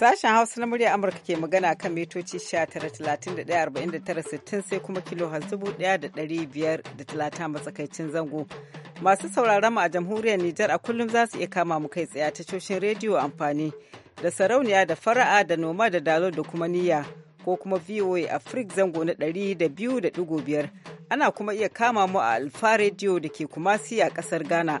Sashen Hausa na murya Amurka ke magana kan mitoci 19,31,49,60 sai kuma kilo talata matsakaicin zango. Masu sauraron mu a jamhuriyar Nijar a kullum za su iya kama mu kai tsaye ta tashoshin rediyo amfani da sarauniya da fara'a da noma da dalo da kuma niyya ko kuma VOA Africa zango na 200.5 ana kuma iya kama mu a Alfa rediyo da ke kumasi a kasar Ghana.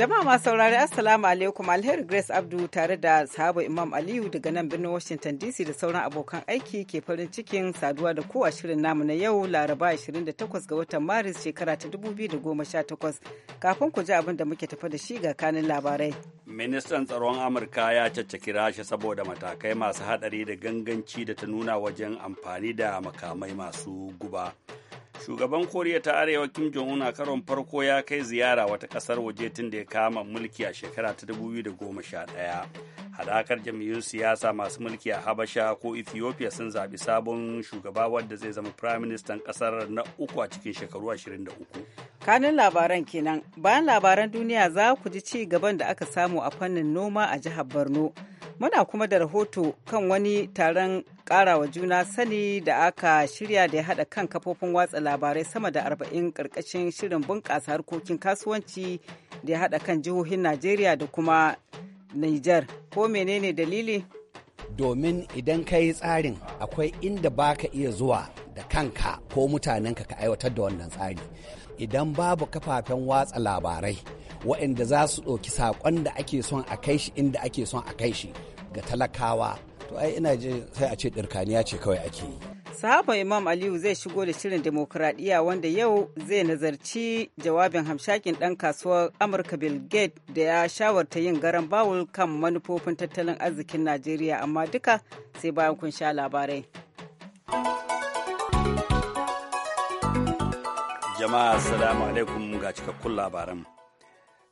Jama'a masu saurari Assalamu alaikum Alheri Grace Abdu tare da sahaba Imam Aliyu daga nan birnin Washington DC da sauran abokan aiki ke farin cikin saduwa da kowa shirin namu na yau Laraba 28 ga watan Maris shekara ta 2018 kafin ku ji abin da muke tafa da shi ga kanin labarai. Ministan tsaron Amurka ya caccaki rashi saboda matakai masu hadari da ganganci da ta nuna wajen amfani da makamai masu guba. shugaban koriya ta arewa kim jong un a karon farko ya kai ziyara wata kasar waje tun da ya kama mulki a shekara ta 2011 hadakar jam'iyyun siyasa masu mulki a habasha ko ethiopia sun zaɓi sabon shugaba wanda zai zama prime minister kasar na uku a cikin shekaru 23 kanin labaran kenan bayan labaran duniya za ku ji ci gaban da aka samu a fannin noma a jihar borno Muna kuma da rahoto kan wani taron karawa juna sani da aka shirya da ya haɗa kan kafofin watsa labarai sama da arba'in ƙarƙashin shirin bunƙasa harkokin kasuwanci da ya haɗa kan jihohin Najeriya da kuma niger Ko menene dalili? Domin idan ka yi tsarin akwai inda baka iya zuwa da kanka ko mutanenka ka aiwatar da wannan tsari. idan babu kafafen watsa labarai waɗanda za su ɗauki saƙon da ake son a kai shi inda ake son a kai shi ga talakawa to ai ina ji sai a ce ɗirkaniya ce kawai ake yi. Sahaba Imam Aliyu zai shigo da shirin demokuraɗiyya wanda yau zai nazarci jawabin hamshakin ɗan kasuwar Amurka Bill Gates da ya shawarta yin garan bawul kan manufofin tattalin arzikin Najeriya amma duka sai bayan kun sha labarai. Jama'a salamu alaikum ga cikakkun labaran.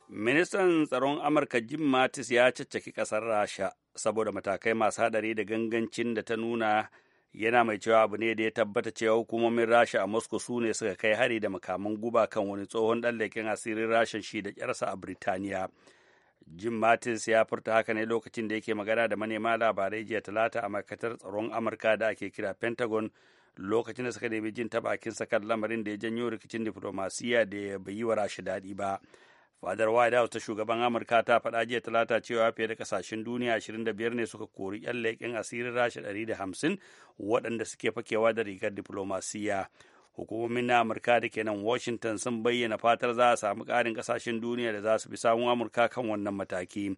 Ministan tsaron Amurka Jim Mattis ya caccaki kasar Rasha saboda matakai masu hadari da gangancin da ta nuna yana mai cewa abu ne da ya tabbata cewa hukumomin Rasha a Moscow su ne suka kai hari da makaman guba kan wani tsohon ɗan leken asirin Rasha shi da ƙyarsa a Birtaniya. Jim Mattis ya furta haka ne lokacin da yake magana da manema labarai jiya talata a ma'aikatar tsaron Amurka da ake kira Pentagon lokacin da suka nemi jin ta bakinsa kan lamarin da ya janyo rikicin diflomasiyya da bai yi wa rashi daɗi ba fadar white house ta shugaban amurka ta faɗa jiya talata cewa fiye da kasashen duniya 25 ne suka kori yan leƙen asirin rasha 150 waɗanda suke fakewa da rigar diflomasiyya hukumomin na amurka da ke nan washington sun bayyana fatar za a samu ƙarin kasashen duniya da za su bi samun amurka kan wannan mataki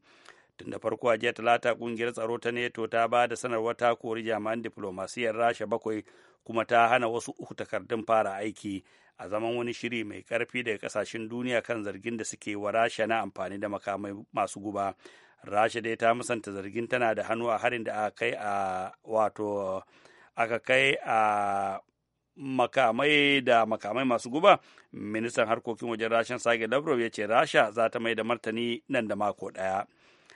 tun da farko a jiya talata kungiyar tsaro ta neto ta ba da sanarwar ta kori jami'an diflomasiyyar rasha bakwai kuma ta hana wasu uku takardun fara aiki a zaman wani shiri mai karfi daga kasashen duniya kan zargin da suke wa rasha na amfani da makamai masu guba rasha dai ta musanta zargin tana da hannu a harin da aka kai a wato aka kai a makamai da makamai masu guba ministan harkokin wajen rashin sage lavrov ya ce rasha za ta mai da martani nan da mako ɗaya.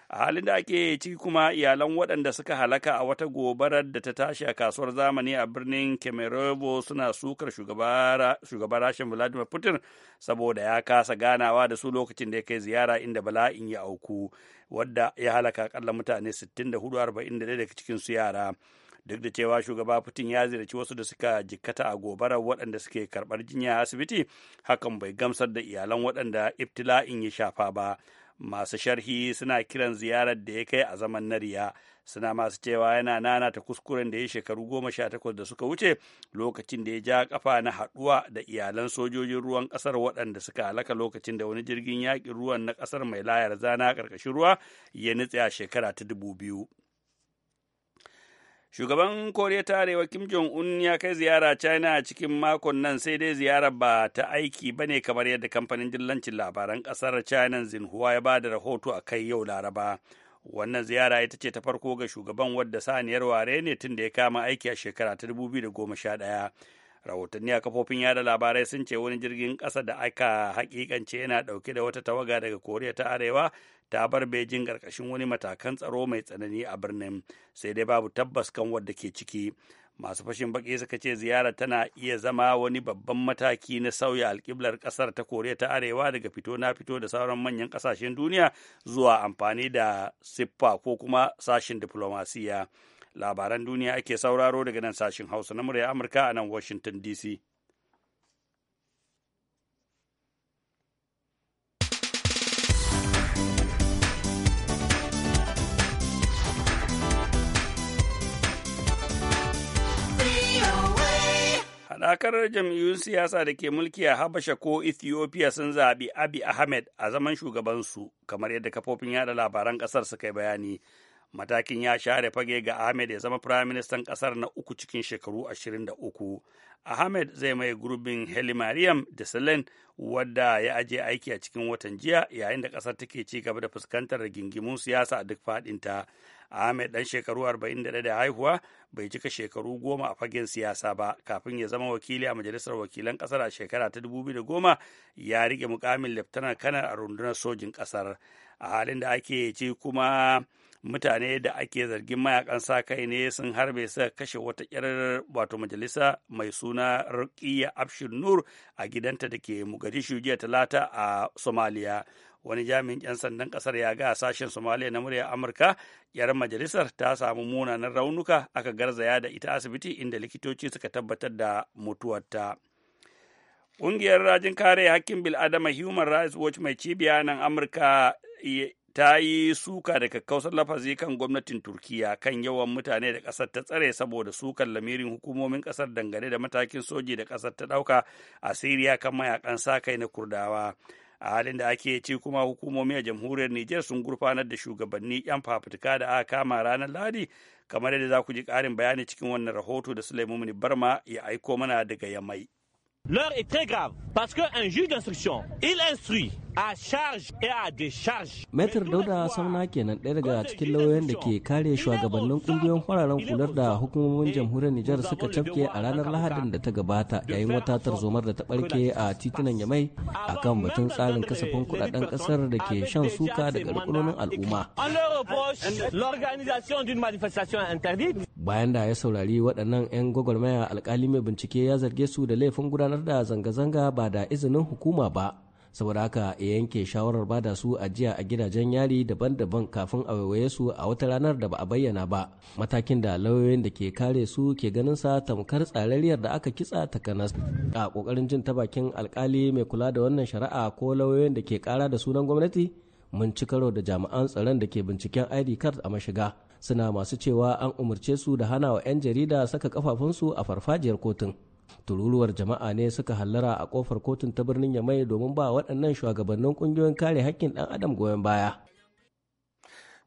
a halin da ake ciki kuma iyalan waɗanda suka halaka a wata gobarar da ta tashi a kasuwar zamani a birnin kemerovo suna sukar shugaban rashin vladimir putin saboda ya kasa ganawa da su lokacin da ya kai ziyara inda bala'in ya auku wadda ya halaka akalla mutane 64 daga su yara duk da cewa shugaba putin ya ziyarci wasu da suka jikkata a gobarar waɗanda suke karɓar jinya a asibiti hakan bai gamsar da iyalan waɗanda ibtila'in ya shafa ba masu sharhi suna kiran ziyarar da ya kai a zaman na suna masu cewa yana nana ta kuskuren da ya shekaru goma sha takwas da suka wuce lokacin da ya ja kafa na haɗuwa da iyalan sojojin ruwan ƙasar waɗanda suka halaka lokacin da wani jirgin yaƙin ruwan na ƙasar mai layar zana ƙarƙashin ruwa ya nutse a shekara ta dubu biyu Shugaban Koriya ta Arewa Kim Jong-un ya kai ziyara China a cikin makon nan sai dai ziyara ba ta aiki ba ne kamar yadda kamfanin dillancin labaran ƙasar China Xinhua ya ba da rahoto a kai yau Laraba. Wannan ziyara ita ce ta farko ga shugaban wadda saniyar ware ne tun da ya kama aiki a shekara ta dubu biyu da goma sha 2011. rahotanni a kafofin yada labarai sun ce wani jirgin ƙasa da aka hakikance yana ɗauke da wata tawaga daga koriya ta arewa ta bar Beijing ƙarƙashin wani matakan tsaro mai tsanani a birnin sai dai babu tabbas kan wadda ke ciki. Masu fashin baki suka ce ziyara tana iya zama wani babban mataki na sauya alkiblar ƙasar ta Koriya ta Arewa daga fito na fito da sauran manyan ƙasashen duniya zuwa amfani da siffa ko kuma sashin diflomasiya. Labaran duniya ake sauraro daga nan sashin Hausa na murya Amurka a nan Washington DC. Haɗakar jam'iyyun siyasa da ke mulki a Habasha ko Ethiopia sun zaɓi Abi Ahmed a zaman shugabansu, kamar yadda kafofin yada labaran ƙasar suka yi bayani. matakin ya share fage ga ahmed ya zama firaministan kasar na uku cikin shekaru 23 ahmed zai mai gurbin heli mariam da salen wadda ya aje aiki a cikin watan jiya yayin da kasar take ci gaba da fuskantar rigingimun siyasa a duk fadinta. ahmed dan shekaru 41 da haihuwa bai cika shekaru goma a fagen siyasa ba kafin ya zama wakili a majalisar wakilan kasar a shekara ta 2010 ya rike mukamin leftanar kanar a rundunar sojin kasar. a halin da ake ci kuma mutane da ake zargin mayakan sa kai ne sun harbe suka kashe wata kyar wato majalisa mai suna rukiya abshir nur a gidanta da ke mogadishu jiya talata a Somalia. wani jami'in 'yan sandan kasar ya ga sashen Somalia na murya amurka yar majalisar ta samu munanan raunuka aka garzaya da ita asibiti inda likitoci suka tabbatar da mutuwarta. Ƙungiyar rajin kare hakkin bil'adama Human Rights Watch mai cibiya nan Amurka ta yi suka da kakkausar lafazi kan gwamnatin turkiya kan yawan mutane da ƙasar ta tsare saboda sukan lamirin hukumomin ƙasar dangane da matakin soji da ƙasar ta ɗauka a siriya kan mayakan sa kai na kurdawa a halin da ake ci kuma hukumomi a jamhuriyar Nijar sun gurfanar da shugabanni 'yan fafutuka da aka kama ranar Lahadi kamar yadda za ku ji karin bayani cikin wannan rahoto da Sulaimu Barma ya aiko mana daga Yamai. L'heure est très grave parce qu'un juge d'instruction, il instruit à charge et à décharge. Maitar Dauda Samna kenan ɗaya daga cikin lauyoyin da ke kare shugabannin kungiyoyin fararen kular da hukumomin jamhuriyar Nijar suka cafke a ranar Lahadin da ta gabata yayin wata tarzomar da ta barke a titunan Yamai akan batun tsarin kasafin kudaden kasar da ke shan suka daga rukunonin al'umma. Bayan da ya saurari waɗannan 'yan gwagwarmaya alkali mai bincike ya zarge su da laifin gudanar gudanar da zanga-zanga ba da izinin hukuma ba saboda haka ya yanke shawarar ba da su ajiya a gidajen yari daban-daban kafin a waiwaye su a wata ranar da ba a bayyana ba matakin da lauyoyin da ke kare su ke ganin sa tamkar tsarariyar da aka kitsa takanas a kokarin jin ta bakin alkali mai kula da wannan shari'a ko lauyoyin da ke kara da sunan gwamnati mun ci karo da jami'an tsaron da ke binciken id card a mashiga suna masu cewa an umarce su da hana wa 'yan jarida saka kafafunsu a farfajiyar kotun tururuwar jama'a ne suka hallara a kofar kotun ta birnin yamai domin ba waɗannan shugabannin ƙungiyoyin kare haƙƙin ɗan adam goyon baya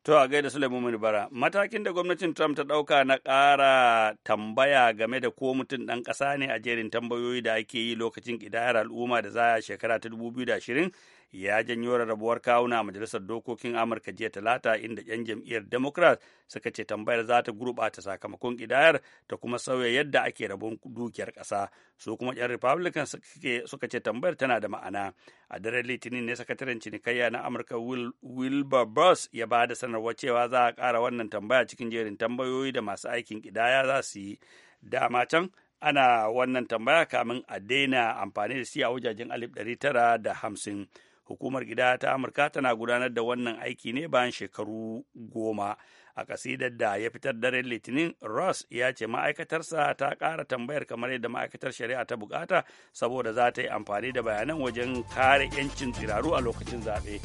to a gaida suleiman bara matakin da gwamnatin trump ta ɗauka na ƙara tambaya game da ko mutum ɗan ƙasa ne a jerin tambayoyi da ake yi lokacin ƙidayar al'umma da za shekara ta 2020 ya janyo rarrabuwar kawuna a majalisar dokokin amurka jiya talata inda 'yan jam'iyyar democrat suka ce tambayar za ta gurɓata sakamakon ƙidayar ta kuma sauya yadda ake rabon dukiyar ƙasa su kuma 'yan republican suka ce tambayar tana da ma'ana a daren litinin ne sakataren cinikayya na amurka wilbur burns ya ba da sanarwar cewa za a ƙara wannan tambaya cikin jerin tambayoyi da masu aikin ƙidaya za su yi dama can ana wannan tambaya kamin a daina amfani da a wajajen alif ɗari tara da hamsin hukumar gida ta amurka tana gudanar da wannan aiki ne bayan shekaru goma a kasidar da ya fitar daren litinin ross ya ce ma'aikatarsa ta kara tambayar kamar yadda ma'aikatar shari'a ta bukata saboda za ta yi amfani da bayanan wajen kare 'yancin tsiraru a lokacin zaɓe.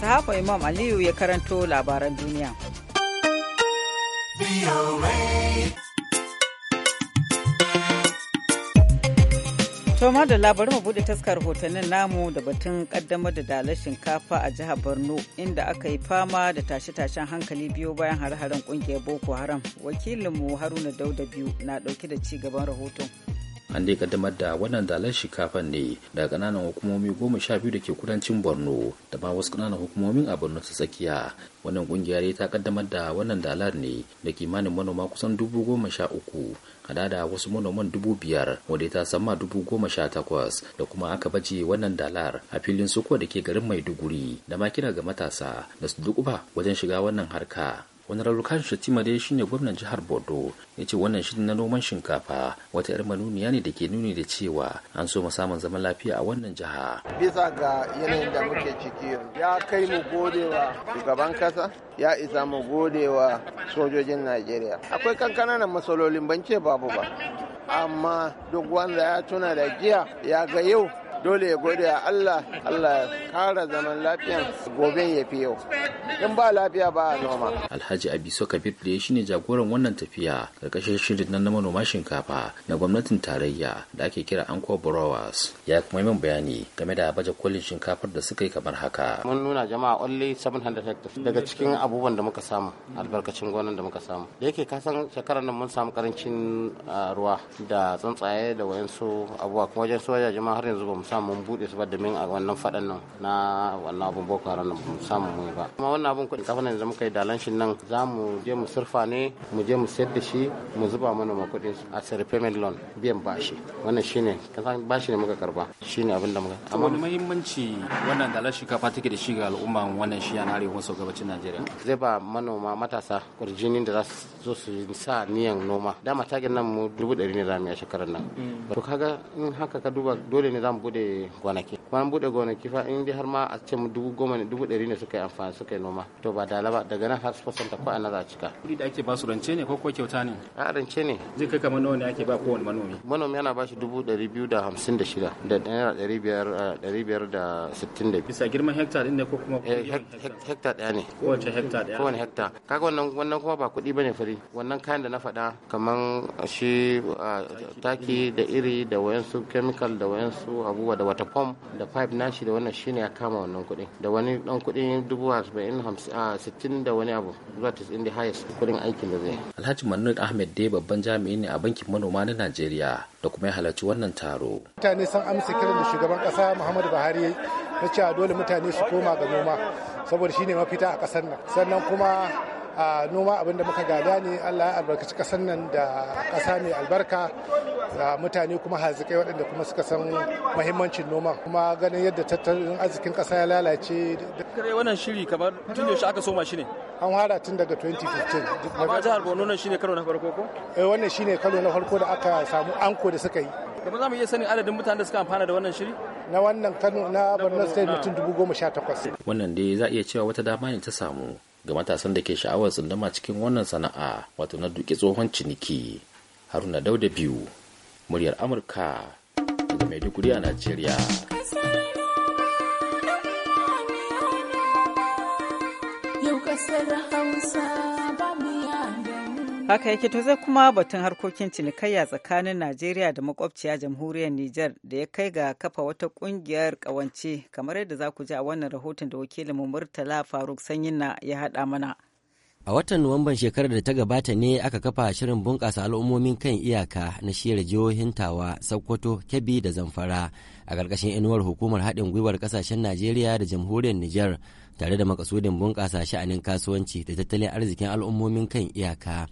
sahafa imam aliyu ya karanto labaran duniya. To da labarin mu bude taskar hotonin namu da batun kaddamar da dalar shinkafa a jihar Borno inda aka yi fama da tashe-tashen hankali biyu bayan hare-haren kungiyar Boko Haram. Wakilinmu Haruna Dauda biyu na dauke da ci gaban rahoton. an dai kaddamar da wannan dalar kafan ne daga kananan hukumomi goma sha biyu da ke kudancin borno da ma wasu kananan hukumomin a borno ta tsakiya wannan kungiyar ta kaddamar da wannan dalar ne da kimanin manoma kusan dubu goma sha uku hada da wasu manoman dubu biyar wadda ta sama dubu goma sha takwas da kuma aka baje wannan dalar a filin suko da ke garin maiduguri da ma ga matasa da su dukuba wajen shiga wannan harka wani ralukan shatima dai shine gwamnan jihar bordo ya ce wannan shirin na noman shinkafa wata yar manuniya ne da ke nuni da cewa an so mu samun zaman lafiya a wannan jiha bisa ga yanayin da muke ciki ya kai mu godewa shugaban kasa ya isa mu godewa sojojin najeriya akwai kankana na matsalolin ban ce babu ba amma duk wanda ya tuna da giya ya ga yau dole ya gode a Allah Allah ya kara zaman lafiya gobe ya fi yau in ba lafiya ba a noma Alhaji Abiso Kabir da ne jagoran wannan tafiya karkashin shirin na manoma shinkafa na gwamnatin tarayya da ake kira Anko Brewers ya kuma min bayani game da baje kolin shinkafar da suka yi kamar haka mun nuna jama'a only 700 hectares daga cikin abubuwan da muka samu albarkacin gonan da muka samu da yake kasan shekarar nan mun samu karancin ah, ruwa da tsuntsaye da wayansu abubuwa kuma wajen soja jama'a har yanzu ba mu sa mun bude su ba domin a wannan faɗan nan na wannan abun boko haram na mu samu mu ba kuma wannan abun kuɗin kafa yanzu muka yi dalan shi nan za mu je mu surfa ne mu je mu sayar da shi mu zuba mana ma kuɗin a sir payment loan biyan bashi wannan shine kasan bashi ne muka karba shine abin da muka amma wani muhimmanci wannan dalan kafa take da shi ga al'umma wannan shi yana arewa maso gabacin Najeriya zai ba manoma matasa kurjinin da za su zo su sa niyan noma dama tagin nan mu dubu ɗari ne za mu yi a shekarar nan mm. to kaga in haka ka duba dole ne za mu bude bueno Juan aquí. bayan bude gonaki fa in har ma a ce dubu goma ne dubu ɗari ne suka yi amfani suka yi noma to ba dala ba daga nan har su fasanta ko ana za a cika. kuɗi da ake ba su rance ne ko ko kyauta ne. a rance ne. zai kai kamar nawa ne ake ba kowane manomi. manomi ana ba shi dubu ɗari biyu da hamsin da shida da naira ɗari biyar ɗari biyar da sittin da biyu. bisa girman hekta ɗin ne ko kuma. Eh, hekta ɗaya ne. kowace hekta ɗaya. kowane hekta kaga wannan wannan kuma ba kuɗi ba ne fari wannan kayan da na faɗa kamar shi taki da iri da wayansu chemical da wayansu abubuwa da wata pom da five nashi da wannan shine ya kama wannan kudi da wani dan kudin dubu arba'in ah, sittin da wani abu zuwa tisin da highest kuɗin aikin da zai alhaji mannud ahmed dai babban jami'i ne a bankin manoma na najeriya da kuma ya halarci wannan taro mutane sun amsa kiran da shugaban kasa muhammadu buhari ya cewa dole mutane su koma ga noma saboda shine mafita a kasar nan sannan kuma a noma abinda da muka gada ne allah ya albarkaci kasan nan da kasa mai albarka da mutane kuma hazikai waɗanda kuma suka san mahimmancin noma kuma ganin yadda tattalin arzikin ƙasa ya lalace kare wannan shiri kamar tun yaushe aka soma shi ne an fara tun daga 2015 amma jihar borno nan shine karo na farko ko eh wannan shine karo na farko da aka samu anko da suka yi kuma za mu iya sanin adadin mutanen da suka amfana da wannan shiri na wannan kano na borno state mutum dubu goma sha takwas wannan dai za a iya cewa wata dama ne ta samu ga matasan da ke sha'awar tsundama cikin wannan sana'a wato na duke tsohon ciniki haruna dauda biyu muryar amurka daga maiduguri a najeriya yau kasar hausa Haka yake to zai kuma batun harkokin cinikayya tsakanin Najeriya da makwabciya jamhuriyar niger da ya kai ga kafa wata kungiyar kawance kamar yadda za ku ji a wannan rahoton da wakilinmu Murtala Faruk Sanyina ya haɗa mana. A watan Nuwamban shekarar da ta gabata ne aka kafa shirin bunƙasa al'ummomin kan iyaka na shirya jihohin Tawa, Sokoto, Kebbi da Zamfara a ƙarƙashin inuwar hukumar haɗin gwiwar ƙasashen Najeriya da jamhuriyar niger. tare da makasudin bunƙasa sha'anin kasuwanci da tattalin arzikin al'ummomin kan iyaka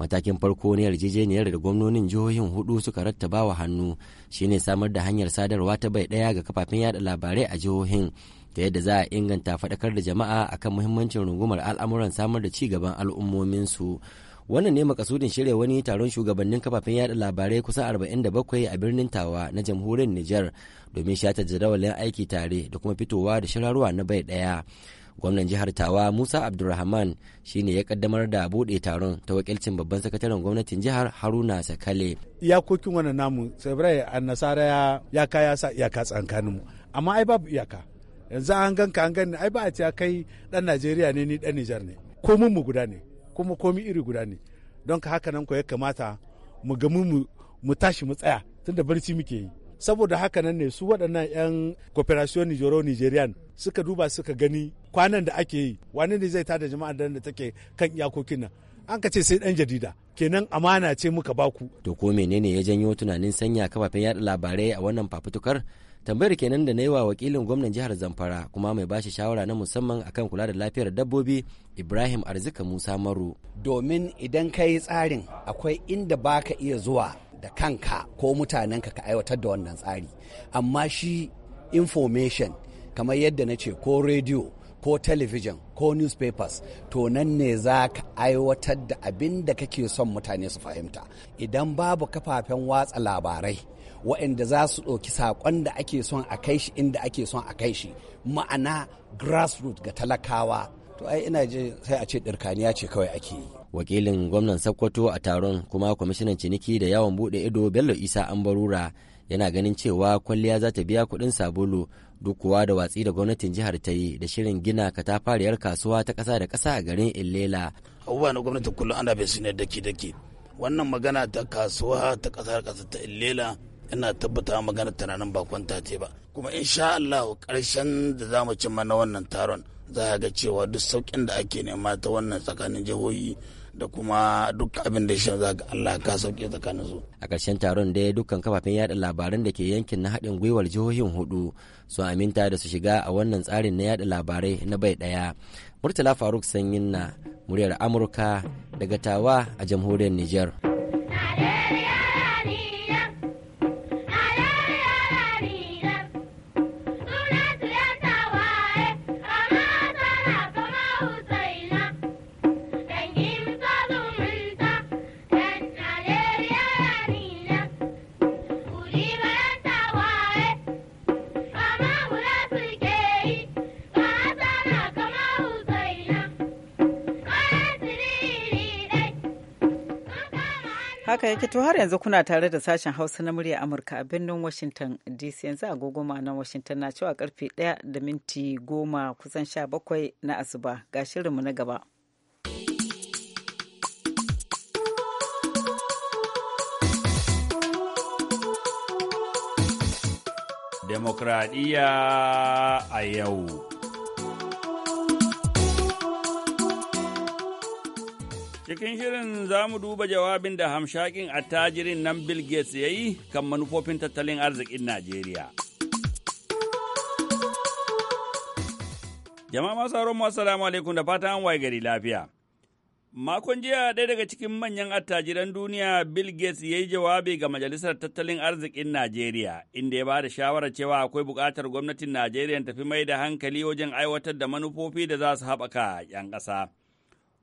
matakin farko ne yarjejeniyar da gwamnonin jihohin hudu suka rattaba wa hannu shine samar da hanyar sadarwa ta bai daya ga kafafen yada labarai a jihohin ta yadda za a inganta faɗakar da jama'a akan muhimmancin rungumar al'amuran samar da ci gaban al'ummominsu su wannan ne makasudin shirya wani taron shugabannin kafafen yada labarai kusa 47 a birnin tawa na jamhuriyar niger domin shata jadawalin aiki tare da kuma fitowa da shirarwa na bai daya gwamnan jihar tawa musa abdulrahman shine ya kaddamar da bude taron ta wakilcin babban sakataren gwamnatin jihar haruna sakale iyakokin wannan namu tsibirai a nasara ya kaya sa iyaka tsakaninmu amma ai babu iyaka yanzu an ganka an gani ai ba a ce kai dan najeriya ne ni dan nijar ne ko mu guda ne kuma komi iri guda ne don ka haka nan ko ya kamata mu gamu mu tashi mu tsaya tunda barci muke yi saboda haka nan ne su waɗannan 'yan cooperation nijoro nigerian suka duba suka gani kwanan da ake yi wani ne zai tada jama'a da take kan iyakokin nan an ka ce sai dan jarida kenan amana ce muka baku to ko menene ya janyo tunanin sanya kafafen yada labarai a wannan fafutukar tambayar kenan da na yi wa wakilin gwamnan jihar zamfara kuma mai bashi shawara na musamman akan kula da lafiyar dabbobi ibrahim arzika musa maru domin idan ka yi tsarin akwai inda baka iya zuwa da kanka ko mutanenka ka aiwatar da wannan tsari amma shi information kamar yadda na ce ko rediyo ko television ko newspapers to nan ne za ka aiwatar da abin da kake son mutane su fahimta idan babu kafafen watsa labarai waɗanda za su ɗauki saƙon da ake son a kai shi inda ake son a kai shi ma'ana grassroots ga talakawa to ai ina je sai a ce ɗirkaniya ce kawai ake yi wakilin gwamnan sakkwato a taron kuma kwamishinan ciniki da yawon buɗe ido bello isa an barura yana ganin cewa kwalliya za ta biya kuɗin sabulu duk kuwa da watsi da gwamnatin jihar ta yi da shirin gina katafariyar kasuwa ta ƙasa da ƙasa a garin illela abubuwa na gwamnati kullum ana bai su daki daki wannan magana ta kasuwa ta ƙasa da ƙasa ta illela ina tabbata magana tunanin ba kwanta ce ba kuma in sha Allah karshen da za mu cimma na wannan taron za a ga cewa duk saukin da ake nema ta wannan tsakanin jihohi da kuma duk abin da shi za Allah ka sauke tsakanin su a ƙarshen taron da dukkan kafafen yada labaran da ke yankin na haɗin gwiwar jihohin hudu su aminta da su shiga a wannan tsarin na yada labarai na bai ɗaya murtala faruk sanyin na muryar amurka daga tawa a jamhuriyar niger haka yake to har yanzu kuna tare da sashen hausa na murya amurka a birnin washington dc yanzu agogo na washington na cewa karfe 1 da minti goma kusan 17 na asuba ga shirinmu na gaba demokradiyya a yau Cikin shirin za mu duba jawabin da hamshakin attajirin nan Bill Gates ya yi kan manufofin tattalin arzikin Najeriya. Jama'a masu sauran masu salamu alaikum da fata an waye gari lafiya. Makon jiya ɗaya daga cikin manyan attajiran duniya Bill Gates ya yi jawabi ga Majalisar Tattalin Arzikin Najeriya, inda ya ba da shawarar cewa akwai buƙatar gwamnatin Najeriya tafi mai da hankali wajen aiwatar da manufofi da za su haɓaka 'yan ƙasa.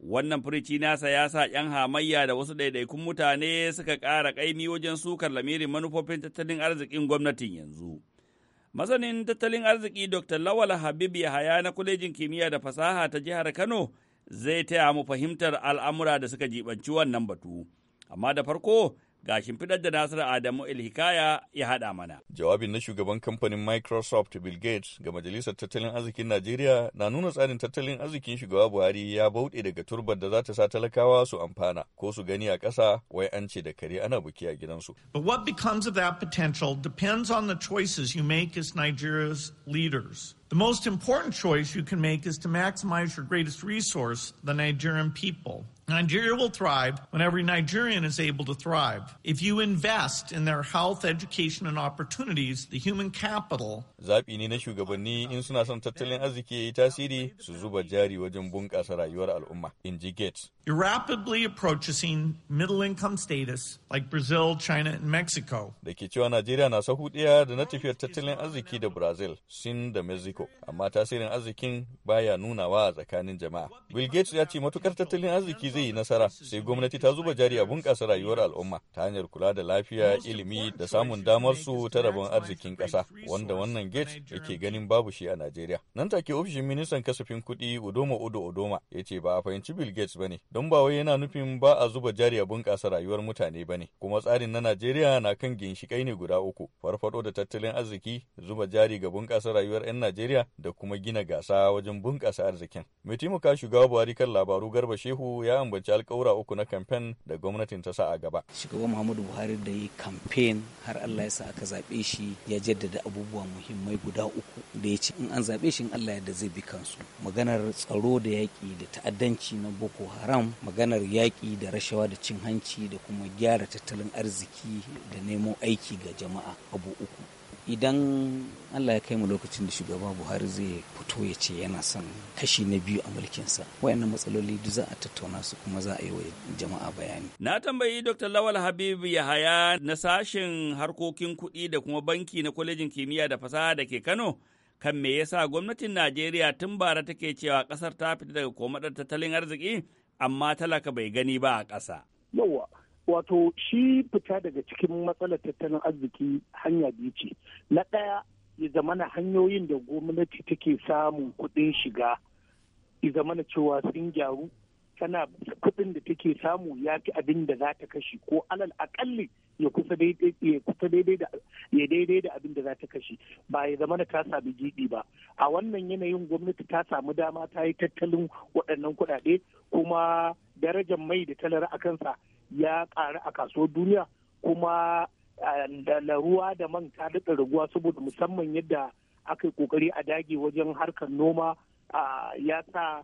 Wannan furici nasa ya sa ‘yan hamayya da wasu ɗaiɗaikun mutane suka ƙara ƙaimi wajen sukar lamirin manufofin tattalin arzikin gwamnatin yanzu. Masanin tattalin arziki Dr. Lawal Habib Yahaya na Kwalejin Kimiyya da Fasaha ta Jihar Kano zai taya mu fahimtar al'amura da suka jibanci wannan batu. Amma da farko Ga shimfiɗar da Nasiru Adamu Ilhikaya ya haɗa mana. Jawabin na shugaban kamfanin Microsoft Bill Gates ga Majalisar Tattalin Arzikin Najeriya na nuna tsarin tattalin arzikin shugaba Buhari ya bauɗe daga turbar da za ta sa talakawa su amfana ko su gani a ƙasa wai an ce da kare ana buki a gidansu. But what becomes of that potential depends on the choices you make as Nigeria's leaders. The most important choice you can make is to maximize your greatest resource, the Nigerian people. Nigeria will thrive when every Nigerian is able to thrive. If you invest in their health, education, and opportunities, the human capital. Zaɓi ne na shugabanni in suna son tattalin arziki ya yi tasiri su zuba jari wajen bunƙasa rayuwar al'umma, in ji Gates. You're rapidly approaching middle income status like Brazil, China, and Mexico. Da ke cewa Najeriya na sahu ɗaya da na tafiyar tattalin arziki da Brazil, Sin da Mexico, amma tasirin arzikin baya nunawa a tsakanin jama'a. Bill Gates ya ce matukar tattalin arziki zai yi nasara sai gwamnati ta zuba jari a bunƙasa rayuwar al'umma ta hanyar kula da lafiya ilimi da samun damar su ta rabon arzikin ƙasa wanda wannan gate yake ganin babu shi a najeriya nan take ofishin ministan kasafin kuɗi odoma odo odoma ya ce ba a fahimci bill gates ba ne don ba wai yana nufin ba a zuba jari a bunƙasa rayuwar mutane ba ne kuma tsarin na najeriya na kan ginshiƙai ne guda uku farfaɗo da tattalin arziki zuba jari ga bunƙasa rayuwar 'yan najeriya da kuma gina gasa wajen bunƙasa arzikin mai taimaka shugaba buhari kan labaru garba shehu ya ambaci alkawura uku na kamfen da gwamnatin ta sa a gaba. Shugaban Muhammadu Buhari da yi kamfen har Allah ya sa aka zaɓe shi ya jaddada abubuwa muhimmai guda uku da ya ci in an zaɓe shi in Allah yadda zai bi kansu. Maganar tsaro da yaƙi da ta'addanci na Boko Haram, maganar yaƙi da rashawa da cin hanci da kuma gyara tattalin arziki da nemo aiki ga jama'a abu uku. idan allah ya kai mu lokacin da shugaba buhari zai fito ya ce yana son kashi na biyu a mulkinsa wayannan matsaloli duk za a tattauna su kuma za a yi wa jama'a bayani na tambayi dr lawal habib yahaya na sashen harkokin kuɗi da kuma banki na kwalejin kimiyya da fasaha da ke kano kan me yasa gwamnatin najeriya tun bara take cewa kasar ta fita daga komadar tattalin arziki amma talaka bai gani ba a ƙasa yawa wato shi fita daga cikin matsalar tattalin arziki hanya biyu ce na ɗaya ya zamana hanyoyin da gwamnati take samun kuɗin shiga ya zamana cewa sun gyaru tana kuɗin da take samu ya fi abin da za ta kashe ko alal akalli ya kusa daidai da abin da za ta kashe ba ya zama ta sami gidi ba a wannan yanayin gwamnati ta samu dama ta yi tattalin waɗannan kuɗaɗe kuma darajar mai da talar a kansa ya ƙaru a kasuwar duniya kuma da ruwa da man ta daɗa raguwa saboda musamman yadda aka yi ƙoƙari a dage wajen harkar noma ya sa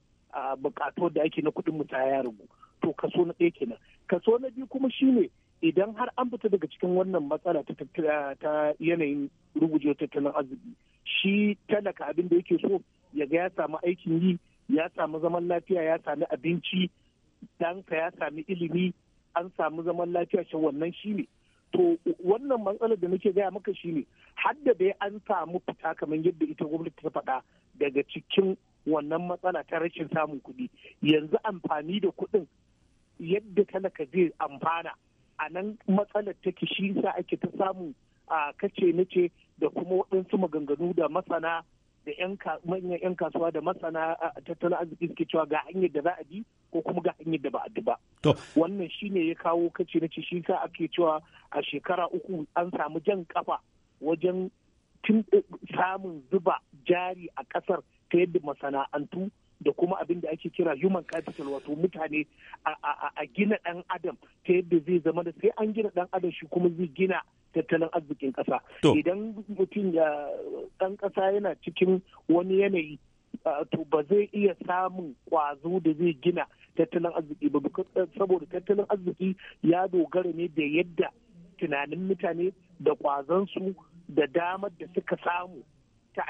buƙatu da ake na kuɗin mu ya ragu to kaso na ɗaya kenan kaso na biyu kuma shine idan har an fita daga cikin wannan matsala ta yanayin rubuce tattalin arziki shi talaka abin da yake so ya ga ya samu aikin yi ya samu zaman lafiya ya sami abinci ɗanka ya sami ilimi an samu zaman lafiya shi wannan ne to wannan matsalar da nake gaya maka shi ne hadda dai an samu fita kamar yadda ita gwamnati ta faɗa daga cikin wannan matsala ta rashin samun kuɗi yanzu amfani da kuɗin yadda talaka zai amfana a nan matsalar take shi sa ake ta samu a kace nace da kuma waɗansu maganganu da masana da manyan 'yan kasuwa da masana tattalin arziki suke cewa ga hanyar da za a bi ko kuma ga hanyar da ba a ba. Wannan shi ne ya kawo kace na ce shi sa ake cewa a shekara uku an samu jan kafa wajen samun zuba jari a kasar ta yadda masana'antu da kuma abin da ake kira human capital wato mutane a gina dan adam ta yadda zai zama da sai an gina dan adam shi kuma zai gina tattalin arzikin kasa idan mutum dan kasa yana cikin wani yanayi to ba zai iya samun kwazo da zai gina tattalin arziki ba eh, saboda tattalin arziki ya dogara ne da yadda tunanin mutane da kwazansu da damar da suka samu ta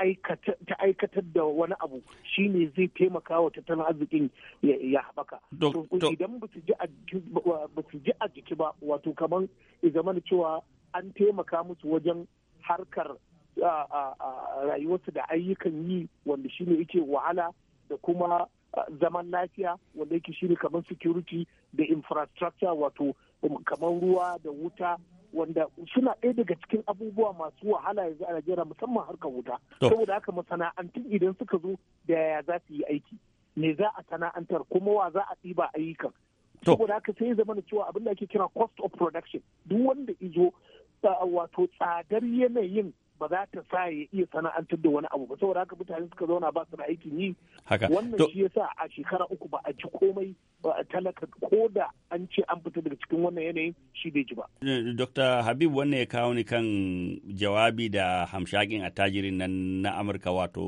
aikatar da wani abu shi ne zai taimaka wa tattalin arzikin ya haɓaka. Idan ba su ji a jiki ba wato kamar ya cewa an taimaka musu wajen harkar rayuwarsu da ayyukan yi wanda shine yake wahala da kuma zaman lafiya wanda yake shine kamar security da infrastructure wato um, kamar ruwa da wuta wanda suna ɗaya daga cikin abubuwa masu wahala yanzu a Najeriya musamman harkar wuta. Saboda haka masana'antun idan suka zo da yaya za su yi aiki, me za a sana'antar kuma wa za a ɗiba ayyukan. Saboda haka sai zama da cewa abin da ake kira cost of production duk wanda izo wato tsadar yanayin ba za ta sa ya iya sana'antar da wani abu ba saboda haka mutane suka zauna ba su da aikin yi wannan shi yasa a shekara uku ba a ci komai ba a talaka ko da an ce an fita daga cikin wannan yanayin shi bai ji ba. Dr. Habib wannan ya kawo ni kan jawabi da hamshakin attajirin nan na Amurka wato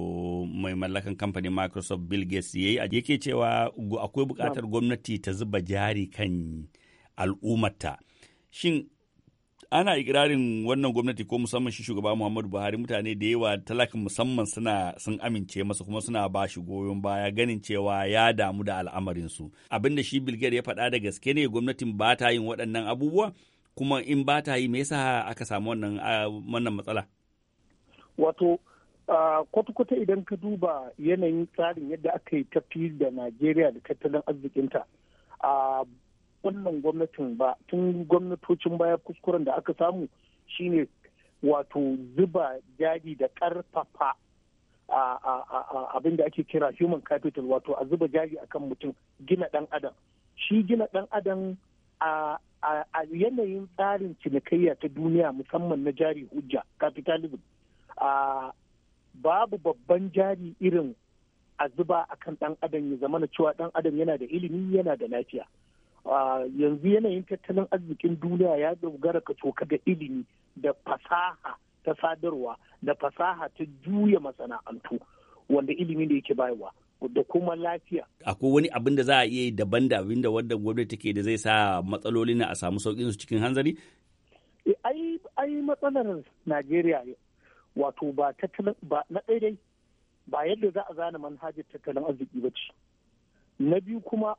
mai mallakan kamfanin Microsoft Bill Gates yi yake cewa akwai bukatar gwamnati ta zuba jari kan al'ummata. Shin ana ikirarin wannan gwamnati ko musamman shi shugaba Muhammadu Buhari mutane da yawa talakin musamman suna sun amince masa kuma suna ba shi goyon baya ganin cewa ya damu da al'amarin su. Abinda shi Bilger ya faɗa da gaske ne gwamnatin ba ta yin waɗannan abubuwa kuma in ba ta yi me yasa aka samu wannan wannan matsala. Wato kwata idan ka duba yanayin tsarin yadda aka yi tafi da Najeriya da tattalin arzikinta. wannan gwamnatin ba tun gwamnatocin baya kuskuren da aka samu shine wato zuba jari da karfafa abin da ake kira human capital wato a zuba jari akan mutum gina dan adam shi gina dan adam a yanayin tsarin cinikayya ta duniya musamman na jari hujja capitalism babu babban jari irin a zuba akan dan adam ya zamana cewa dan adam yana da ilimi yana da lafiya yanzu yanayin tattalin arzikin duniya ya dogara ka coka da ilimi da fasaha ta sadarwa da fasaha ta juya masana'antu wanda ilimi ne yake bayarwa da kuma lafiya. Akwai wani abin da za a iya yi daban da abin da wadda gwamnati take da zai sa matsaloli na a samu sauƙin su cikin hanzari? Eh, ai matsalar Najeriya wato ba tattalin ba na ɗaya ba yadda za a gane manhajar tattalin arziki ba ce. Na biyu kuma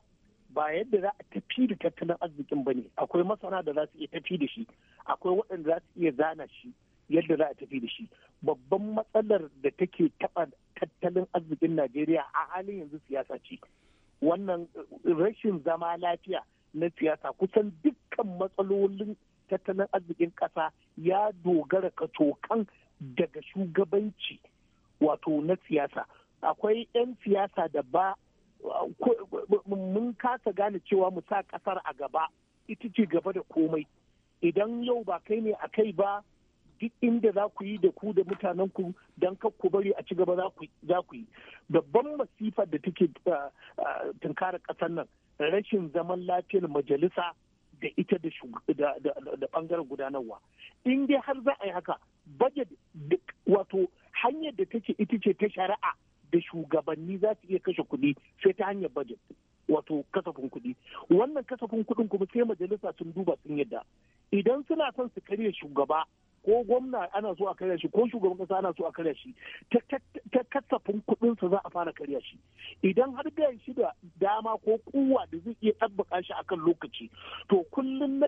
ba yadda za a tafi da tattalin arzikin ba ne akwai masana da za su iya tafi da shi akwai waɗanda za su iya zana shi yadda za a tafi da shi babban matsalar da take taɓa tattalin arzikin najeriya a halin yanzu siyasa ce wannan eh, rashin zama lafiya na siyasa kusan dukkan matsalolin tattalin arzikin ƙasa ya dogara katokan daga shugabanci wato na siyasa akwai 'yan siyasa da ba mun kasa gane cewa mu sa kasar a gaba ita ce gaba da komai idan yau ba kai ne a kai ba duk inda za ku yi da ku da mutanen ku don ku bari a ci gaba za ku yi babban masifar da take uh, uh, tunkara kasar nan rashin zaman lafiyar majalisa da ita da bangaren gudanarwa in dai har za a yi haka bajet duk wato hanyar da take ita ce ta shari'a da shugabanni za su iya kashe kuɗi sai ta hanyar budget wato kasafin kuɗi wannan kasafin kuɗin kuma sai majalisa sun duba sun yadda idan suna son su karya shugaba ko gwamna ana so a karya shi ko shugaban kasa ana so a karya shi ta kasafin kuɗinsa za a fara karya shi idan har ga shi da dama ko kuwa da zai iya tabbaka shi akan lokaci to kullum na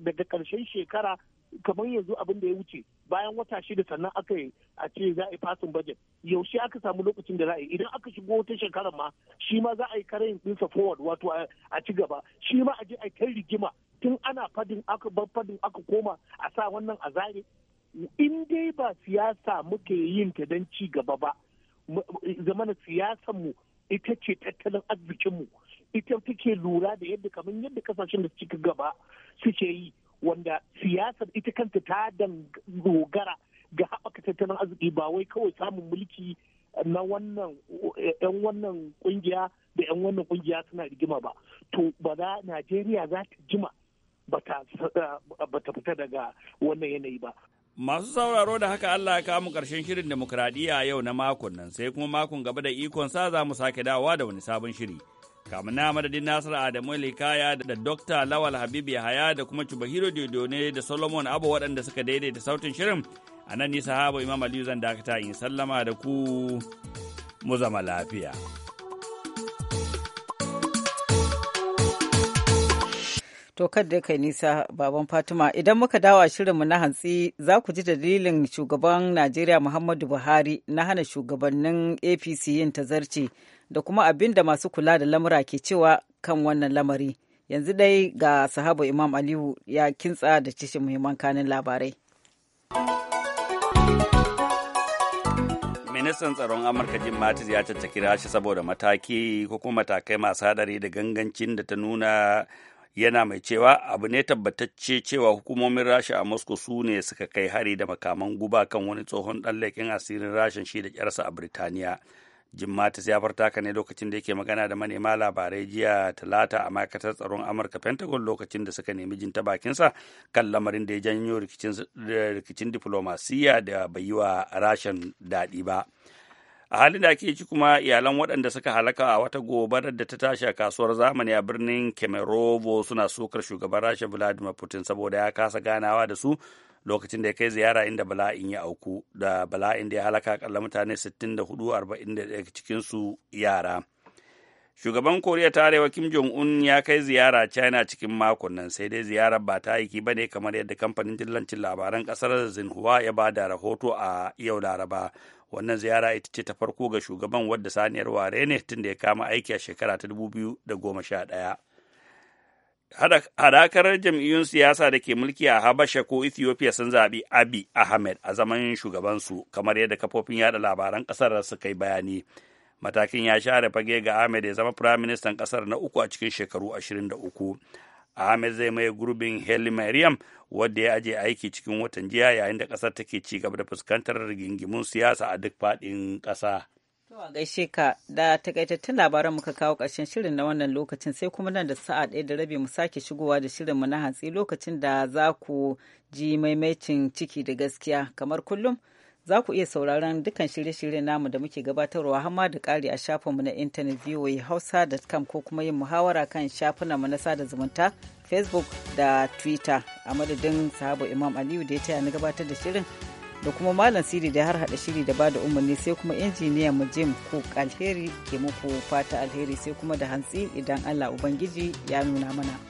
daga karshen shekara kamar yanzu abin da ya wuce bayan wata shida sannan aka yi a ce za a yi fasin budget yaushe aka samu lokacin da za a yi idan aka shigo wata shekarar ma shi ma za a yi karayin dinsa forward wato a ci gaba shi ma a je a kai rigima tun ana fadin aka bar fadin aka koma a sa wannan a zare in dai ba siyasa muke yin ta don ci gaba ba zamana siyasar mu ita ce tattalin arzikin mu ita take lura da yadda kamar yadda kasashen da cika gaba suke yi wanda siyasar ita kanta ta dogara ga haɓaka tattalin arziki ba wai kawai samun mulki na wannan yan wannan kungiya da yan wannan kungiya suna rigima ba to ba za Najeriya za ta jima bata fita daga wannan yanayi ba. Masu sauraro da haka Allah ya kamu ƙarshen shirin demokradiyya yau na makon nan sai kuma makon gaba da ikon sa za mu sake dawowa da wani sabon shiri. Kamun na madadin Nasiru Adamu Likaya da Dokta Lawal Habibu, Yahaya da kuma Cubahiro Dodone da Solomon Abu waɗanda suka daidaita sautin shirin. A nan ni sahaba Imam Aliyu zan dakata in sallama da ku mu zama lafiya. To kada kai nisa baban Fatima idan muka dawo a shirinmu na hantsi za ku ji dalilin shugaban Najeriya Muhammadu Buhari na hana shugabannin APC yin tazarci da kuma abin da masu kula da lamura ke cewa kan wannan lamari. Yanzu dai ga sahabu Imam Aliyu ya kintsa da cishe muhimman kanin labarai. ministan tsaron amurka jim mattis ya caccaki rashi saboda mataki ko kuma matakai masu hadari da gangancin da ta nuna yana mai cewa abu ne tabbatacce cewa hukumomin rasha a moscow su ne suka kai hari da makaman guba kan wani tsohon ɗan leƙen asirin rashin shi da kyarsa a birtaniya jim mattis ya fartaka ne lokacin da yake magana da manema labarai jiya talata a ma'aikatar tsaron amurka pentagon lokacin da suka nemi jin ta bakinsa kan lamarin da ya janyo rikicin diflomasiyya da bai yi wa rashin daɗi ba a halin da ake ci kuma iyalan waɗanda suka halaka a wata gobarar da ta tashi a kasuwar zamani a birnin kemerovo suna sokar shugaban rasha vladimir putin saboda ya kasa ganawa da su lokacin da ya kai ziyara inda bala'in ya auku da bala'in da ya halaka kalla mutane 64 41 su yara shugaban koriya ta arewa kim jong un ya kai ziyara china cikin makon nan sai dai ziyarar ba ta aiki ba ne kamar yadda kamfanin dillancin labaran kasar zinhua ya ba da rahoto a yau laraba wannan ziyara ita ce ta farko ga shugaban wadda saniyar ware ne tun da ya kama aiki a shekara ta dubu biyu da goma sha ɗaya. hadakar jam'iyyun siyasa da ke mulki a habasha ko ethiopia sun zaɓi abi ahmed a zaman shugabansu kamar yadda kafofin yada labaran ƙasar suka yi bayani matakin ya share fage ga ahmed ya zama firaministan ƙasar na uku a cikin shekaru ashirin da uku. ahmed zai maye gurbin heli mariam wadda ya aje aiki cikin watan jiya yayin da ƙasar take ci gaba da fuskantar rigingimun siyasa a duk faɗin ƙasa To a gaishe ka da takaitattun labaran muka kawo ƙarshen shirin na wannan lokacin sai kuma nan da sa'a ɗaya da rabi mu sake shigowa da shirin mu na hantsi lokacin da za ku ji maimaicin ciki da gaskiya kamar kullum. za ku iya sauraron dukkan shirye-shirye namu da muke gabatarwa hama da ƙari a shafinmu na intanet voahausa.com ko kuma yin muhawara kan shafinmu na sada zumunta facebook da twitter a madadin sahabu imam aliyu da ya taya na gabatar da shirin da kuma malam siri da har hada shiri da bada umarni sai kuma injiniya mu jim cook alheri ke muku fata alheri sai kuma da hantsi idan allah ubangiji ya nuna mana.